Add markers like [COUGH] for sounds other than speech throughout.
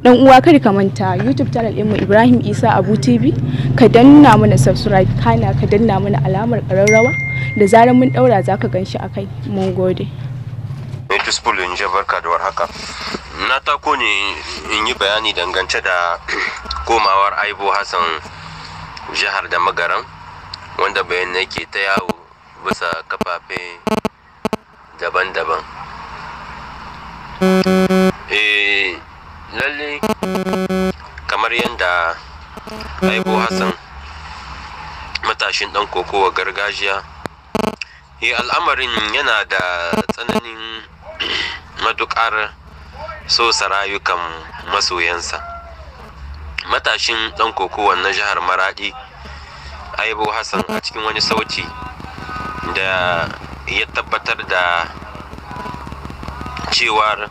dan uwa kar ka manta youtube channel mu ibrahim isa abu tv ka danna mana subscribe kana ka danna mana alamar ƙararrawa da zarar mun daura zaka ganshi akai mun gode in je barka da warhaka. Na tako ne in yi bayani dangance da [CLEARS THROAT] komawar Aibo Hassan jihar da magaran wanda bayanai ke ta yawo bisa kafafe daban-daban. aibu hassan matashin dan kokowa gargajiya e al'amarin yana da tsananin matuƙar so rayukan masoyansa matashin ɗan kokowa na jihar Maraɗi. aibu hassan a cikin wani sauti da ya tabbatar da cewar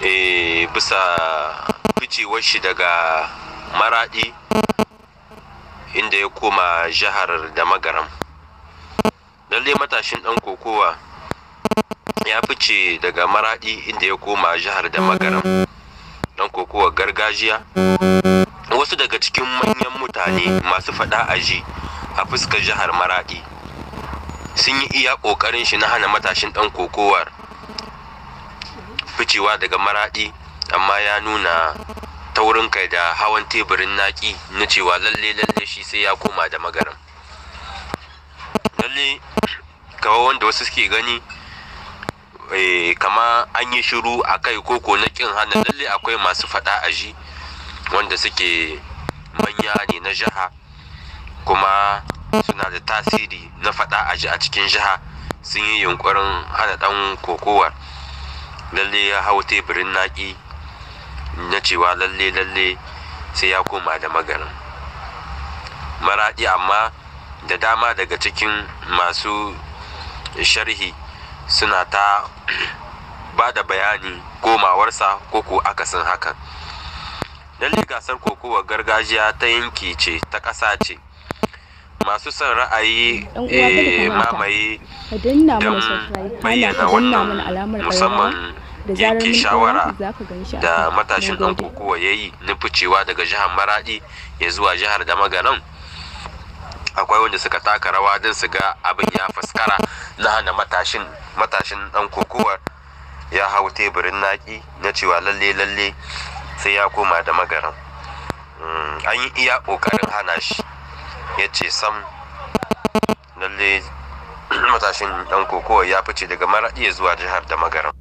eh, bisa ficewar shi daga maraɗi inda ya koma jihar da magaram lalle matashin ɗan kokowa ya fice daga maraɗi inda ya koma jihar da magaram ɗan kokowa gargajiya wasu daga cikin manyan mutane masu faɗa aji a fuskar jihar maraɗi sun yi iya ƙoƙarin shi na hana matashin ɗan kokowar ficewa daga maraɗi amma ya nuna ta wurin kai da hawan teburin naƙi na cewa lalle lalle shi sai ya koma da magaram lalle kawai wanda wasu suke gani eh, kama an yi shiru a kai koko na kin hana lalle akwai masu faɗa a ji wanda suke manya ne na jiha kuma suna da tasiri na faɗa a ji a cikin jiha sun yi yunkurin hana ɗan kokowar lalle ya hau teburin naƙi. na cewa lalle lalle sai ya koma da magarin maraɗi amma da dama daga cikin masu sharhi suna ta [CLEARS THROAT] ba da bayani komawarsa ko akasin hakan lalle gasar kokowar gargajiya ta yanki ce ta ƙasa ce masu son ra'ayi eh, mamaye don bayyana wannan musamman yanke shawara da matashin ɗan kokowa ya yi na ficewa daga jihar maradi ya zuwa jihar damagaran akwai wanda suka taka rawa don su ga abin ya faskara na hana matashin matashin ɗan kokowa ya hau teburin naki na cewa lalle lalle sai ya koma da magaran mm, an yi iya kokarin hana shi ya ce sam lalle [CLEARS THROAT] matashin ɗan kokowa ya fice daga maraɗi zuwa jihar da magaran